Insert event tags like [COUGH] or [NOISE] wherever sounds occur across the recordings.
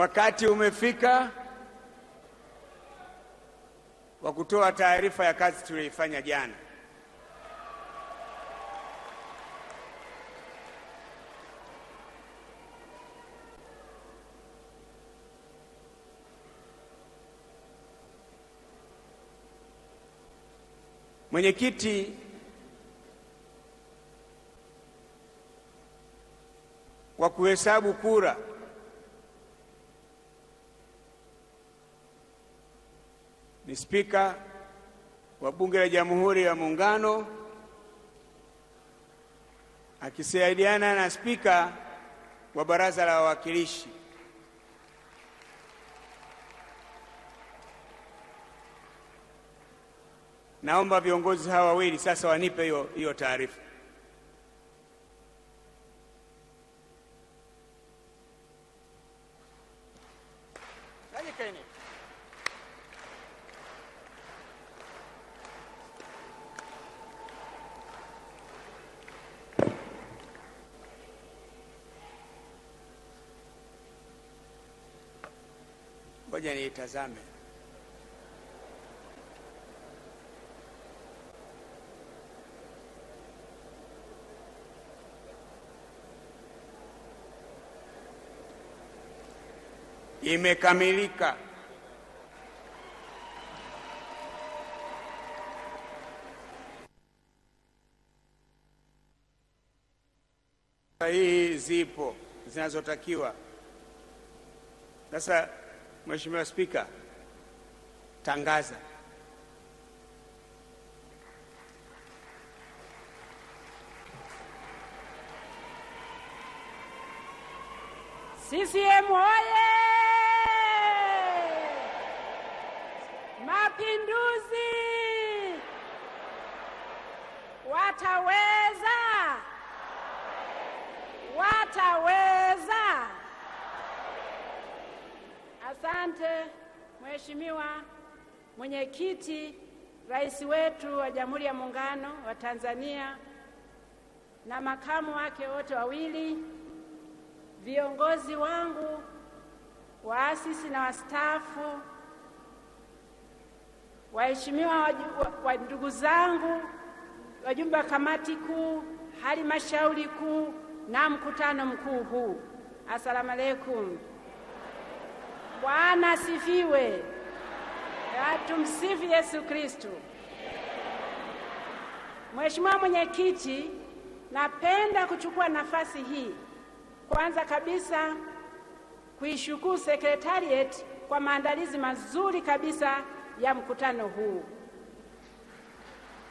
Wakati umefika wa kutoa taarifa ya kazi tuliyoifanya jana. Mwenyekiti wa kuhesabu kura ni Spika wa Bunge la Jamhuri ya Muungano akisaidiana na Spika wa Baraza la Wawakilishi. Naomba viongozi hawa wawili sasa wanipe hiyo hiyo taarifa. Ngoja niitazame. Imekamilika. Sahihi zipo zinazotakiwa sasa Mheshimiwa Spika, tangaza CCM oye! Mapinduzi! wataweza Asante Mheshimiwa Mwenyekiti, Rais wetu wa Jamhuri ya Muungano wa Tanzania na makamu wake wote wawili, viongozi wangu, waasisi na wastaafu, waheshimiwa wa ndugu zangu, wajumbe wa kamati kuu, halmashauri kuu na mkutano mkuu huu, asalamu alaykum. Bwana sifiwe. Tumsifu Yesu Kristo. Mheshimiwa Mwenyekiti, napenda kuchukua nafasi hii kwanza kabisa kuishukuru Sekretariat kwa maandalizi mazuri kabisa ya mkutano huu,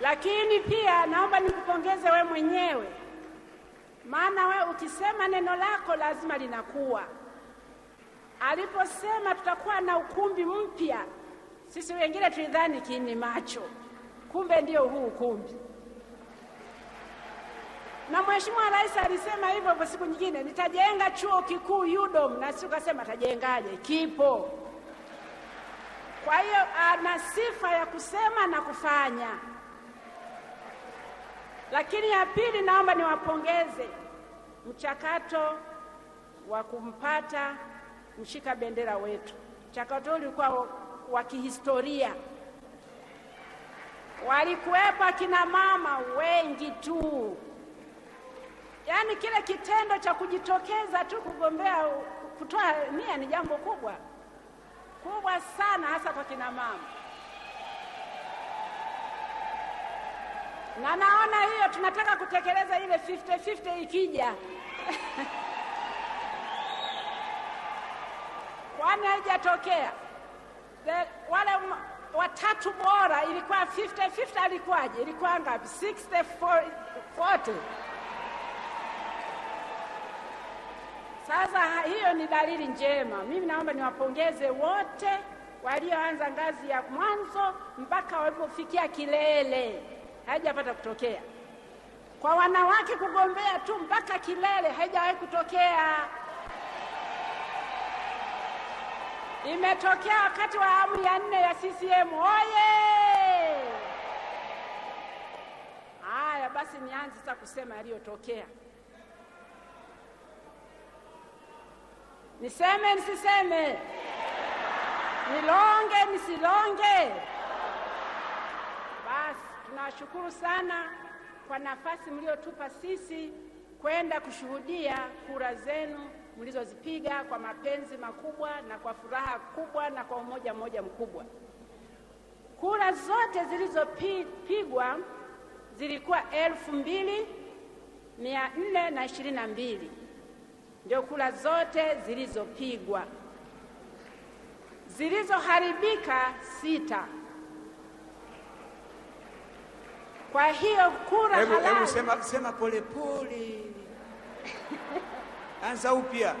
lakini pia naomba nikupongeze we mwenyewe, maana we ukisema neno lako lazima linakuwa Aliposema tutakuwa na ukumbi mpya, sisi wengine tulidhani kini macho, kumbe ndio huu ukumbi. Na Mheshimiwa Rais alisema hivyo kwa Siku nyingine nitajenga chuo kikuu UDOM, na si ukasema atajengaje? Kipo. Kwa hiyo ana ah, sifa ya kusema na kufanya. Lakini ya pili, naomba niwapongeze mchakato wa kumpata mshika bendera wetu. Chakato ulikuwa wa kihistoria, walikuwepo akina mama wengi tu. Yaani kile kitendo cha kujitokeza tu kugombea kutoa nia ni jambo kubwa kubwa sana, hasa kwa kina mama, na naona hiyo tunataka kutekeleza ile 50 50 ikija [LAUGHS] kwani haijatokea. Wale watatu bora ilikuwa 50 50, alikuwaje? Ilikuwa ngapi? 60 40. Sasa hiyo ni dalili njema. Mimi naomba niwapongeze wote walioanza ngazi ya mwanzo mpaka walipofikia kilele, haijapata kutokea. Kwa wanawake kugombea tu mpaka kilele, haijawahi kutokea. imetokea wakati wa awamu ya nne ya CCM oye! Haya basi, nianze sasa kusema yaliyotokea. Niseme nisiseme? Nilonge nisilonge? Basi tunawashukuru sana kwa nafasi mliotupa sisi kwenda kushuhudia kura zenu mlizozipiga kwa mapenzi makubwa na kwa furaha kubwa na kwa umoja mmoja mkubwa. Kura zote zilizopigwa zilikuwa elfu mbili mia nne na ishirini na mbili ndio kura zote zilizopigwa. Zilizoharibika sita. Kwa hiyo kura halali, sema polepole [LAUGHS] Naanza upya,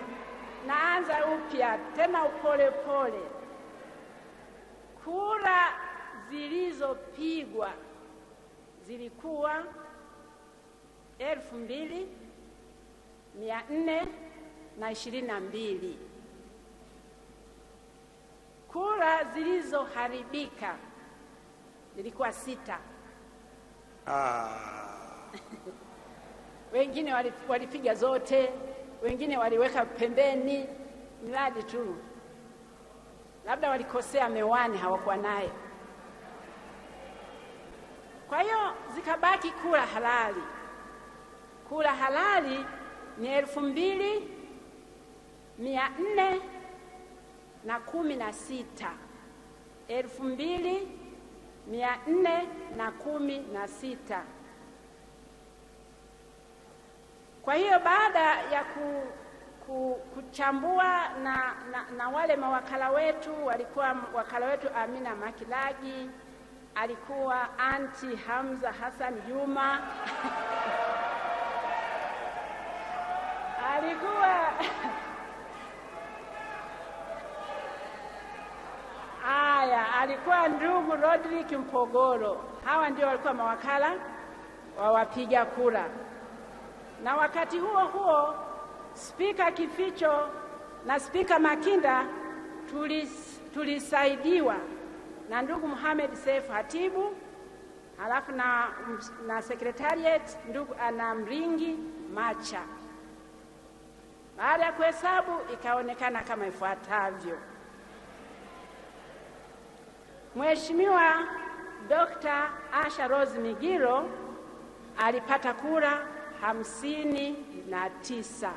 naanza upya tena upolepole. Kura zilizopigwa zilikuwa elfu mbili mia nne na ishirini na mbili. Kura zilizoharibika zilikuwa sita. Ah. [LAUGHS] Wengine walipiga zote wengine waliweka pembeni, mradi tu labda walikosea mewani, hawakuwa naye. Kwa hiyo zikabaki kula halali. Kula halali ni elfu mbili mia nne na kumi na sita elfu mbili mia nne na kumi na sita. Kwa hiyo baada ya ku, ku, kuchambua na, na, na wale mawakala wetu walikuwa wakala wetu Amina Makilagi alikuwa anti Hamza Hassan Juma [LAUGHS] alikuwa [LAUGHS] aya, alikuwa ndugu Rodrick Mpogoro. Hawa ndio walikuwa mawakala wa wapiga kura na wakati huo huo Spika Kificho na Spika Makinda tulis, tulisaidiwa na ndugu Mohamed Saif Hatibu halafu na, na Secretariat ndugu ana ah, Mringi Macha. Baada ya kuhesabu ikaonekana kama ifuatavyo: Mheshimiwa Dr. Asha Rose Migiro alipata kura hamsini na tisa.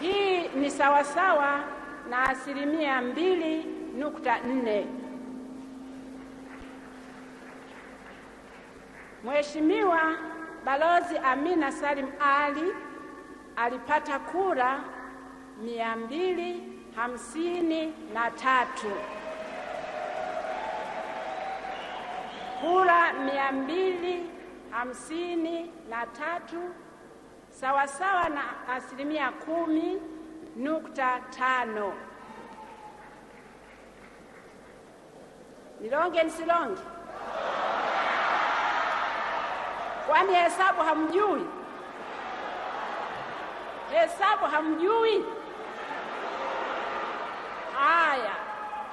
Hii ni sawasawa na asilimia mbili nukta nne. Mheshimiwa Balozi Amina Salim Ali alipata kura mia mbili hamsini na tatu. kura mia mbili hamsini na tatu sawasawa na asilimia kumi nukta tano. Nilonge nisilonge? Kwani hesabu hamjui? Hesabu hamjui?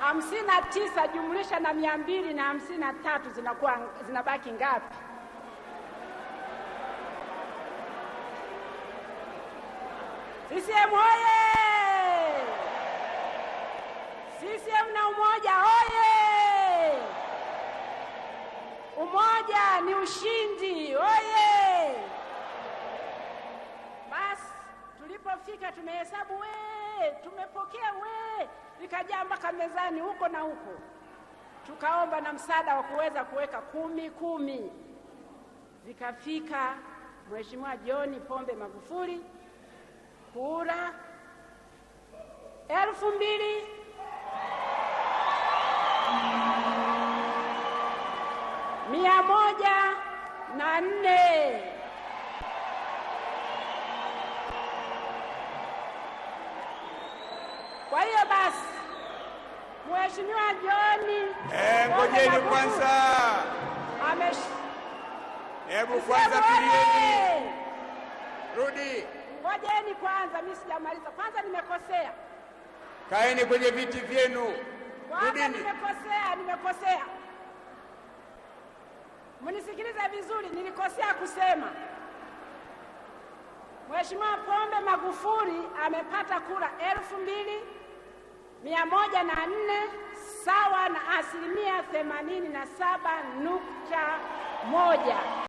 hamsini na tisa jumlisha na mia mbili na hamsini na tatu zinakuwa zinabaki ngapi? CCM oye CCM na umoja hoye! Umoja ni ushindi hoye! Basi tulipofika tumehesabu we, tumepokea we vikajaa mpaka mezani huko na huko. Tukaomba na msaada wa kuweza kuweka kumi kumi, zikafika Mheshimiwa John Pombe Magufuli kura elfu mbili mia moja na nne. Kwa hiyo basi, Mheshimiwa John, eh, ngojeni kwanza. Amesh, hebu kwanza tulieni, rudi, ngojeni kwanza, mimi sijamaliza. Kwanza nimekosea. Kaeni kwenye viti vyenu. Kwanza nimekosea, nimekosea. Mnisikilize vizuri, nilikosea kusema Mheshimiwa Pombe Magufuli amepata kura elfu mbili mia moja na nne sawa na asilimia themanini na saba nukta moja.